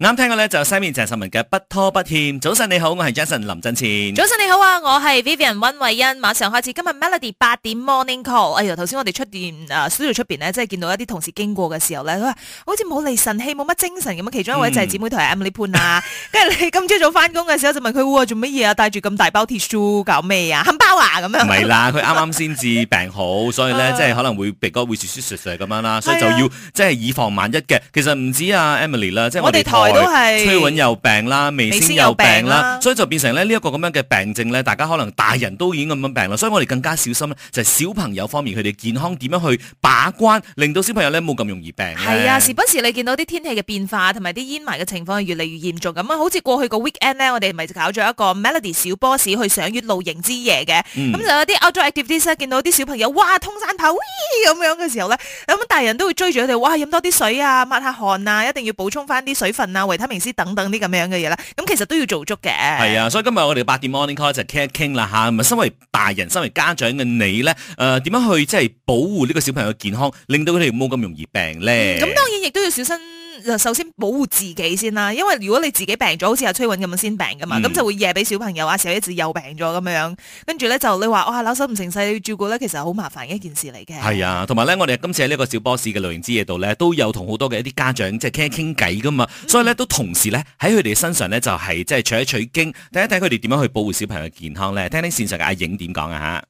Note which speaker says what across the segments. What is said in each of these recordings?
Speaker 1: 啱聽嘅咧就係西面鄭秀文嘅不拖不欠，早晨你好，我係 Jason 林振前。早
Speaker 2: 晨你好啊，我係 Vivian 溫慧欣。馬上開始今日 Melody 八點 Morning Call。哎呀，頭先我哋出電誒，studio 喺出邊呢，即係見到一啲同事經過嘅時候咧，佢話好似冇離神氣，冇乜精神咁。其中一位就係姊妹台 Emily 潘啊，跟住你今朝早翻工嘅時候就問佢做乜嘢啊，帶住咁大包 tissue 搞咩啊，冚包啊咁樣。唔係
Speaker 1: 啦，佢啱啱先至病好， 所以咧即係可能會鼻哥會雪雪雪咁樣啦，所以就要、啊、即係以防萬一嘅。其實唔止啊 Emily 啦，即係我哋都係崔允又病啦，未先有病啦，所以就變成呢一個咁樣嘅病症咧，大家可能大人都已經咁樣病啦，所以我哋更加小心就就係、小朋友方面佢哋健康點樣去把關，令到小朋友咧冇咁容易病。係啊，時
Speaker 2: 不時你見到啲天氣嘅變化，同埋啲煙霾嘅情況係越嚟越嚴重咁，好似過去個 weekend 呢，我哋咪搞咗一個 Melody 小波士去賞月露營之夜嘅。咁、嗯、就有啲 Outdoor Activities 啊，見到啲小朋友哇通山跑咁樣嘅時候咧，咁大人都會追住佢哋，哇飲多啲水啊，抹下汗啊，一定要補充翻啲水分啊。維他命 C 等等啲咁樣嘅嘢啦，咁其實都要做足嘅。係
Speaker 1: 啊，所以今日我哋嘅八點 Morning Call 就傾一傾啦吓。咁啊，身為大人、身為家長嘅你咧，誒，點樣去即係保護呢個小朋友嘅健康，令到佢哋冇咁容易病咧？咁當
Speaker 2: 然亦都要小心。首先保護自己先啦，因為如果你自己病咗，好似阿崔韻咁樣先病噶嘛，咁、嗯、就會惹俾小朋友啊，小一子又病咗咁樣，跟住咧就你話哇，老手唔成世，你照顧咧，其實好麻煩嘅一件事嚟嘅。
Speaker 1: 係啊，同埋咧，我哋今次喺呢個小 boss 嘅類型之夜度咧，都有同好多嘅一啲家長即係傾一傾偈噶嘛，嗯、所以咧都同時咧喺佢哋身上咧就係即係取一取經，睇一睇佢哋點樣去保護小朋友嘅健康咧，聽聽線上嘅阿影點講啊吓。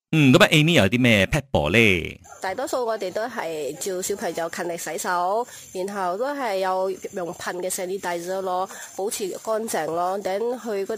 Speaker 1: 嗯，咁啊，Amy 有啲咩 pet 保咧？
Speaker 2: 大多數我哋都係叫小朋友勤力洗手，然後都係有用噴嘅洗呢帶住咯，保持乾淨咯。等去嗰啲電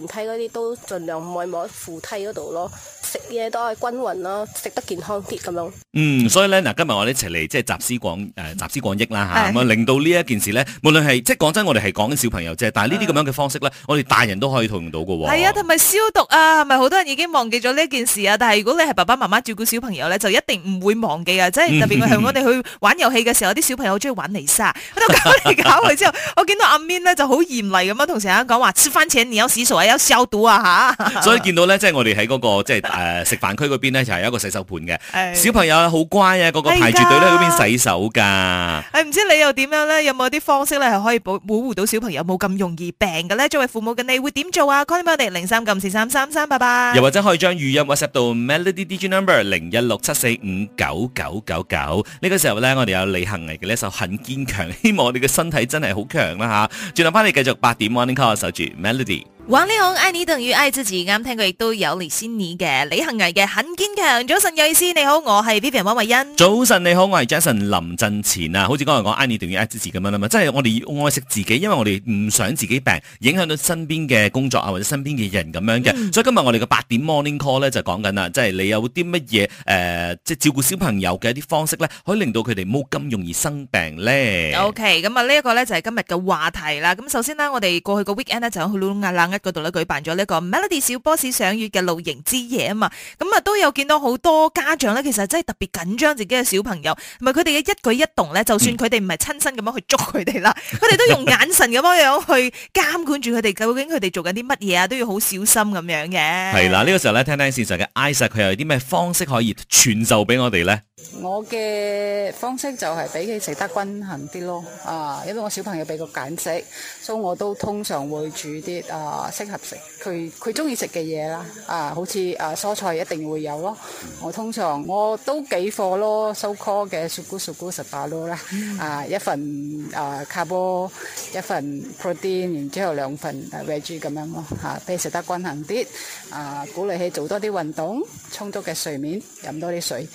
Speaker 2: 梯嗰啲都盡量唔會摸扶梯嗰度咯。食嘢都係均勻咯，食得健康啲咁咯。嗯，
Speaker 1: 所以咧嗱，今日我哋一齊嚟即係集思廣誒集思廣益啦吓，咁啊令到呢一件事咧，無論係即係講真，我哋係講緊小朋友啫，但係呢啲咁樣嘅方式咧，我哋大人都可以套用到噶喎。係啊，
Speaker 2: 同埋消毒啊，係咪好多人已經忘記咗呢件事啊？但係如果你係爸爸媽媽照顧小朋友咧，就一定唔會忘記啊！即係特別係我哋去玩遊戲嘅時候，啲小朋友中意玩泥沙，喺度搞嚟搞去之後，我見到阿 Min 咧就好嚴厲咁樣，同時喺度講話，切番茄你有屎有消毒啊嚇！所以見
Speaker 1: 到咧，即係我哋喺嗰個即係食飯區嗰邊呢，就係有一個洗手盤嘅小朋友好乖啊！嗰個排住隊咧喺嗰邊洗手㗎。
Speaker 2: 唔知你又點樣咧？有冇啲方式咧係可以保保護到小朋友冇咁容易病嘅咧？作為父母嘅你會點做啊？零三三三三八八。又
Speaker 1: 或者可以將語音 WhatsApp 到。Melody DJ Number 零一六七四五九九九九，呢個時候呢，我哋有李行毅嘅呢首《很堅強》，希望我哋嘅身體真係好強啦吓！轉頭翻嚟繼續八點 Morning Call，守住 Melody。
Speaker 2: 哇！你好，愛你等於愛自己，啱聽佢亦都有嚟，先你嘅李幸倪嘅《很堅強》。早晨，有意思，你好，我係 Vivian 王慧欣。
Speaker 1: 早晨，你好，我係 Jason 林振前啊！好似剛才講，愛你等於愛自己咁樣啊嘛，即係我哋要愛惜自己，因為我哋唔想自己病，影響到身邊嘅工作啊，或者身邊嘅人咁樣嘅。所以今日我哋嘅八點 Morning Call 咧就講緊啦，即係你有啲乜嘢誒，即係照顧小朋友嘅一啲方式咧，可以令到佢哋冇咁容易生病咧。
Speaker 2: OK，咁啊呢一個咧就係今日嘅話題啦。咁首先咧，我哋過去個 Weekend 咧就有好冷一嗰度咧舉辦咗呢個 Melody 小 boss 賞月嘅露營之夜啊嘛，咁啊都有見到好多家長咧，其實真係特別緊張自己嘅小朋友，同埋佢哋嘅一舉一動咧，就算佢哋唔係親身咁樣去捉佢哋啦，佢哋、嗯、都用眼神咁樣去監管住佢哋，究竟佢哋做緊啲乜嘢啊，都要好小心咁樣嘅。係
Speaker 1: 啦，呢、呢個時候咧，聽聽線上嘅 Isaac，佢有啲咩方式可以傳授俾我哋咧？
Speaker 2: 我嘅方式就係俾佢食得均衡啲咯，啊，因為我小朋友比較揀食，所以我都通常會煮啲啊適合食佢佢中意食嘅嘢啦，啊，好似啊蔬菜一定會有咯，我通常我都幾貨咯，so called 嘅 suku suku separuh 囉啦，啊 bo，一份啊 carbo 一份 protein，然之後兩份 gi，啊 vegetable 咁樣咯，吓俾食得均衡啲，啊鼓勵佢做多啲運動，充足嘅睡眠，飲多啲水。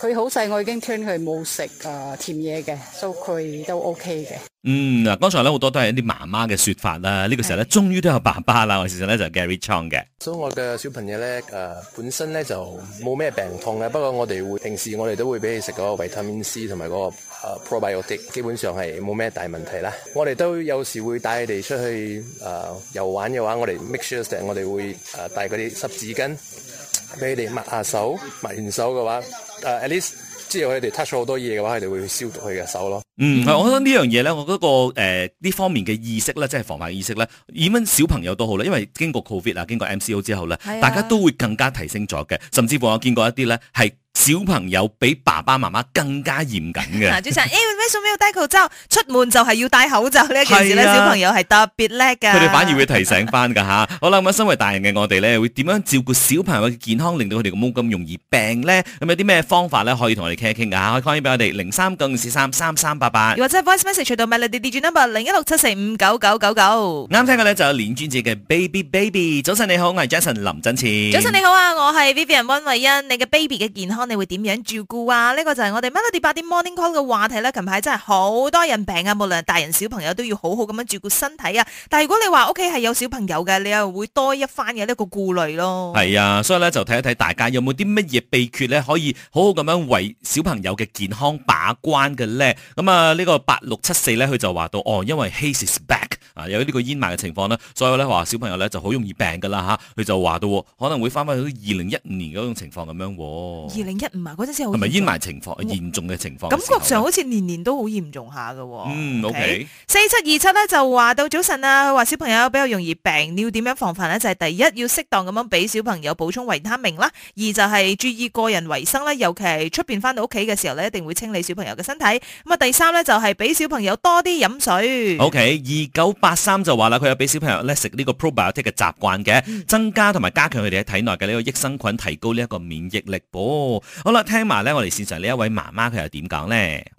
Speaker 2: 佢好細，我已經 train 佢冇食啊甜嘢嘅，所以佢都 OK 嘅。
Speaker 3: 嗯，
Speaker 1: 嗱，剛才咧好多都係一啲媽媽嘅說法啦。呢、這個時候咧，是終於都有爸爸啦。我事實呢，咧就是、Gary Chong 嘅。所以、so, 我嘅小朋友咧，誒、呃、本身咧就冇咩病痛嘅。不過我哋會平時我哋都會俾佢食嗰個維他命 C 同埋嗰個誒、呃、probiotic，基本上係冇咩大問題啦。我哋都有時會帶佢哋出去誒、呃、遊玩嘅話，我哋 make sure 我哋會誒、呃、帶嗰啲濕紙巾俾佢哋抹下手，抹完手嘅話。誒、uh，at least，即係佢哋 touch 咗好多嘢嘅話，佢哋會消毒佢嘅手咯。嗯，係，我覺得呢樣嘢咧，我嗰個誒呢、呃、方面嘅意識咧，即係防範意識咧，以蚊小朋友都好啦，因為經過 COVID 啊，經過 MCO 之後咧，大家都會更加提升咗嘅，甚至乎我見過一啲咧係。小朋友比爸爸媽媽更加嚴謹嘅。早
Speaker 2: 晨，Even when you wear your mask，出門就係要戴口罩呢一件事咧，是啊，小朋友係特別叻噶。佢哋反而
Speaker 1: 會提醒翻噶吓。 好啦咁身為大人嘅我哋咧，會點樣照顧小朋友嘅健康，令到佢哋個冇咁容易病咧？咁有啲咩方法咧，可以同我哋傾一傾噶吓？可以 call 俾我哋零三九四三三三八八，又或
Speaker 2: 者係 voice message，除到 Melody Digi number 零一六七四五九九九九。
Speaker 1: 啱聽嘅咧就有連專輯嘅 Baby Baby。早晨你好，我係 Jason 林振前。早晨你
Speaker 2: 好啊，我係 Vivian 溫慧欣。你嘅 Baby 嘅健康。你會點樣照顧啊？呢個就係我哋 Melody 八點 Morning Call 嘅話題咧。近排真係好多人病啊，無論大人小朋友都要好好咁樣照顧身體啊。但係如果你話屋企係有小朋友嘅，你又會多一番嘅呢個顧慮咯。係
Speaker 1: 啊，所以呢，就睇一睇大家有冇啲乜嘢秘訣呢，可以好好咁樣為小朋友嘅健康把關嘅呢。咁啊，呢個八六七四呢，佢就話到哦，因為 haze is back。有呢個煙霾嘅情況咧，所以咧話小朋友咧就好容易病噶啦嚇，佢就話到可能會翻翻去二零一五年嗰種情況咁樣喎。二
Speaker 2: 零一五啊，嗰陣時好。係咪煙霾情況，嚴
Speaker 1: 重嘅情況。哇情況感覺
Speaker 2: 上好似年年都好嚴重下嘅。嗯，OK。四七二七咧就話到早晨啊，佢話小朋友比較容易病，你要點樣防範呢？就係、是、第一要適當咁樣俾小朋友補充維他命啦，二就係注意個人衞生啦，尤其出邊翻到屋企嘅時候咧，一定會清理小朋友嘅身體。咁啊，第三呢，就係俾小朋友多啲飲水。OK。
Speaker 1: 二九八。阿三就話啦，佢有俾小朋友咧食呢個 probiotic 嘅習慣嘅，增加同埋加強佢哋喺體內嘅呢個益生菌，提高呢一個免疫力。哦，好啦，聽埋咧，我哋線上呢一位媽媽佢又點講呢？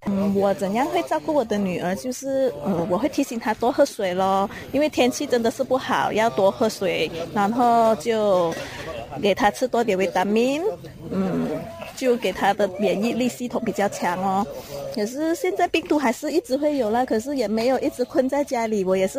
Speaker 1: 嗯，
Speaker 3: 我怎樣會照顧我的女兒？就是，呃、嗯，我會提醒她多喝水咯，因為天氣真的是不好，要多喝水。然後就給她吃多點維他命，嗯，就給她的免疫力系統比較強哦。可是現在病毒還是一直會有啦，可是也沒有一直困在家裏，我也是。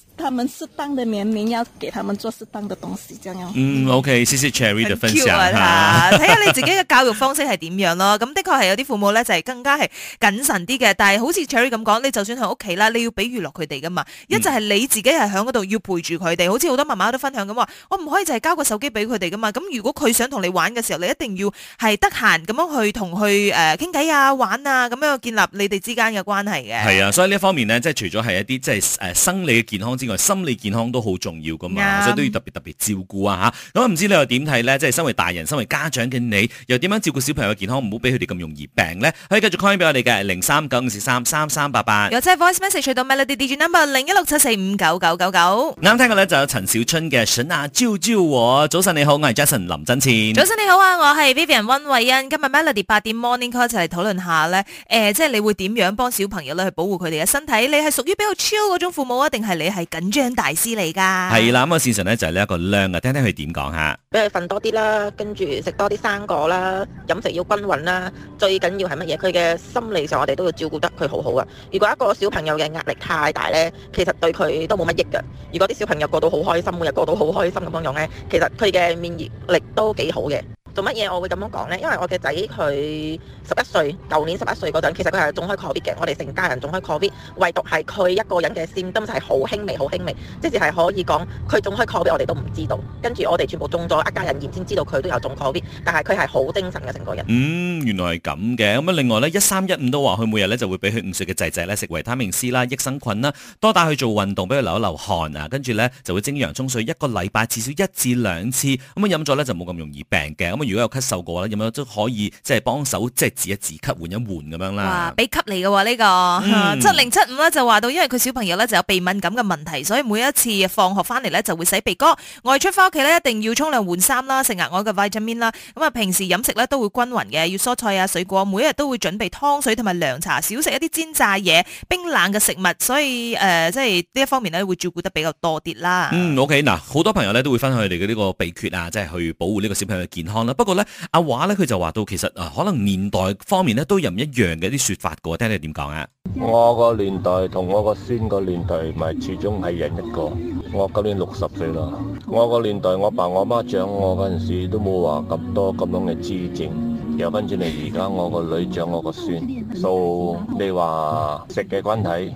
Speaker 3: 他們適當的年齡要給
Speaker 1: 他們做適當的東西，這樣。嗯、mm，OK，謝謝 Cherry 的分享吓。睇下你自己嘅
Speaker 2: 教育方式係點樣咯。咁的確係有啲父母咧就係、是、更加係謹慎啲嘅。但係好似 Cherry 咁講，你就算喺屋企啦，你要俾娛樂佢哋噶嘛。Mm. 一就係你自己係喺嗰度要陪住佢哋，好似好多媽媽都分享咁話，我唔可以就係交個手機俾佢哋噶嘛。咁如果佢想同你玩嘅時候，你一定要係得閒咁樣去同佢誒傾偈啊、玩啊，咁樣建立你哋之間嘅關係嘅。
Speaker 1: 係啊，所以呢一方面咧，即係除咗係一啲即係誒生理嘅健康之外。心理健康都好重要噶嘛，Yeah. 所以都要特別特別照顧啊吓。咁唔知你又點睇咧？即係身為大人、身為家長嘅你，又點樣照顧小朋友嘅健康，唔好俾佢哋咁容易病咧？可以繼續 call 翻俾我哋嘅零三九五四三三三八八，或
Speaker 2: 者 voice message 到 Melody DJ number、no. 零一六七四五九九九九。
Speaker 1: 啱聽嘅咧就有陳小春嘅《神啊救救我》A。早晨你好，我係 Jason 林振前。早晨
Speaker 2: 你好啊，我係 Vivian 温慧欣。今日 Melody 八點 Morning Call 就嚟討論下咧，誒、呃，即、就、係、是、你會點樣幫小朋友咧去保護佢哋嘅身體？你係屬於比較超嗰種父母啊，定係你係五張 大師嚟噶，係
Speaker 1: 啦，咁啊，線上咧就係呢一個娘啊，聽聽佢點講吓。
Speaker 2: 俾佢瞓多啲啦，跟住食多啲生果啦，飲食要均匀啦，最緊要係乜嘢？佢嘅心理上我哋都要照顧得佢好好啊。如果一個小朋友嘅壓力太大咧，其實對佢都冇乜益噶。如果啲小朋友過到好開心，每日過到好開心咁樣樣咧，其實佢嘅免疫力都幾好嘅。做乜嘢？我會咁樣講呢。因為我嘅仔佢十一歲，舊年十一歲嗰陣，其實佢係中開 COVID 嘅，我哋成家人中開 COVID，唯獨係佢一個人嘅 symptom 就係好輕微，好輕微，即使係可以講佢中開 COVID，我哋都唔知道。跟住我哋全部中咗，一家人然先知道佢都有中 COVID，但係佢係好精神嘅成個人。
Speaker 1: 嗯，原來係咁嘅。咁啊，另外呢，一三一五都話佢每日呢就會俾佢五歲嘅仔仔呢食維他命 C 啦、啊、益生菌啦，多帶去做運動，俾佢流一流汗啊，跟住呢，就會蒸洋蔥水一個禮拜至少一至兩次，咁樣飲咗呢，就冇咁容易病嘅。如果有咳嗽過咧，咁樣都可以即係幫手，即係治一治咳，換一換咁樣啦。
Speaker 2: 哇！俾咳嚟嘅喎呢個七零七五咧就話到，因為佢小朋友咧就有鼻敏感嘅問題，所以每一次放學翻嚟咧就會洗鼻哥，外出翻屋企咧一定要沖涼換衫啦，食額外嘅維他命啦。咁啊，平時飲食咧都會均勻嘅，要蔬菜啊、水果，每日都會準備湯水同埋涼茶，少食一啲煎炸嘢、冰冷嘅食物。所以誒、呃，即係呢一方面咧會照顧得比較多啲啦。
Speaker 1: 嗯，OK，嗱，好多朋友咧都會分享佢哋嘅呢個秘訣啊，即係去保護呢個小朋友嘅健康啦。不過咧，阿華咧佢就話到，其實啊、呃，可能年代方面咧都有唔一樣嘅啲說法噶，聽你點講啊？我個年代同我個孫個年代，咪始終係人一個。我今年六十歲啦，我個年代，我爸我媽掌我嗰陣時，都冇話咁多咁樣嘅知見。又分住你而家，我個女長我個孫，數你話食嘅關係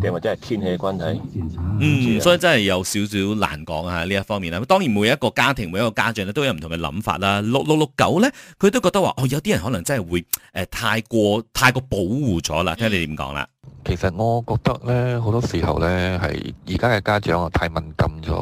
Speaker 1: 定或者係天氣關係？嗯，所以真係有少少難講啊！呢一方面啦，當然每一個家庭每一個家長咧都有唔同嘅諗法啦。六六六九咧，佢都覺得話哦，有啲人可能真係會誒太過太過保護咗啦。聽你點講啦？其實我覺得咧，好多時候咧係而家嘅家長啊，太敏感咗，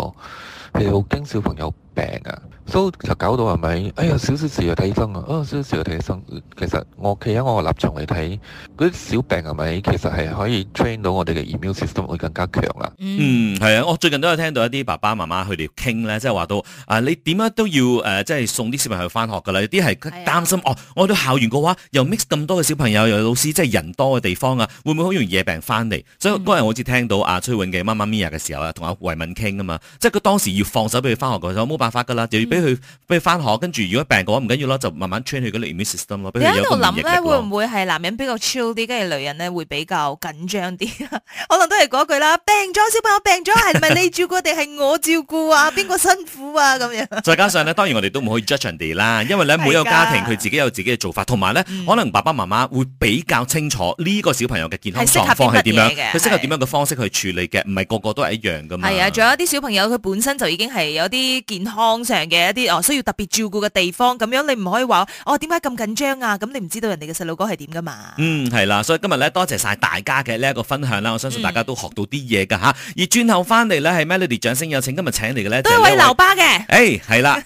Speaker 1: 譬如好驚小朋友。病啊，所、so，以就搞到係咪？哎呀，少少事又睇醫生啊，嗯、哦，少少事又睇醫生。其實。我企喺我個立場嚟睇，嗰啲小病係咪其實係可以 train 到我哋嘅 immune system 會更加強啊？嗯，係啊，我最近都有聽到一啲爸爸媽媽佢哋傾咧，即係話到啊，你點樣都要誒，即、啊、係、就是、送啲小朋友翻學㗎啦。有啲係擔心、哎、呀哦，我到校園嘅話，又 mix 咁多嘅小朋友，又老師，即、就、係、是、人多嘅地方啊，會唔會好容易惹病翻嚟？嗯、所以嗰日我好似聽到阿、啊、崔永傑媽咪啊嘅時候啊，同阿維敏傾啊嘛，即係佢當時要放手俾佢翻學嘅時候，冇辦法㗎啦，就要俾佢俾佢翻學。跟住如果病嘅話，唔緊要啦，就慢慢 train 佢嘅 immune system 咯。俾佢有個。咧會唔
Speaker 2: 會係男人比較 chill 啲，跟住女人咧會比較緊張啲？ 可能都係嗰句啦。病咗小朋友病咗，係咪你照顧定係 我照顧啊？邊個辛苦啊？咁樣
Speaker 1: 再加上咧，當然我哋都唔可以 judge 人哋啦，因為咧每個家庭佢的自己有自己嘅做法，同埋咧可能爸爸媽媽會比較清楚呢個小朋友嘅健康狀況係點樣，佢適合點樣嘅方式去處理嘅，唔係個個都係一樣㗎嘛。係啊，
Speaker 2: 仲有一啲小朋友佢本身就已經係有啲健康上嘅一啲哦需要特別照顧嘅地方，咁樣你唔可以話哦點解咁緊張啊？咁你唔知。對人哋嘅細路哥係點噶嘛？
Speaker 1: 嗯，係啦，所以今日咧多謝晒大家嘅呢一個分享啦，我相信大家都學到啲嘢噶吓。嗯、而轉頭翻嚟咧係 Melody 掌聲有請，今日請嚟嘅呢。都位老爸嘅。誒，係、欸、啦，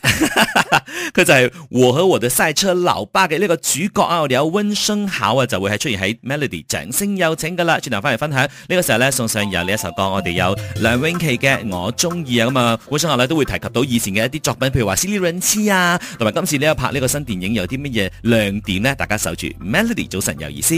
Speaker 1: 佢 就係我和我和和的賽車老爸嘅呢個主角啊，我哋有溫聲考啊，就會係出現喺 Melody 掌聲有請噶啦。轉頭翻嚟分享呢、這個時候咧，送上由呢一首歌，我哋有梁詠琪嘅我中意啊咁啊，古尚學咧都會提及到以前嘅一啲作品，譬如話 Silence 啊，同埋今次呢一拍呢個新電影有啲乜嘢亮點呢？大家。守住 Melody，早晨有意思。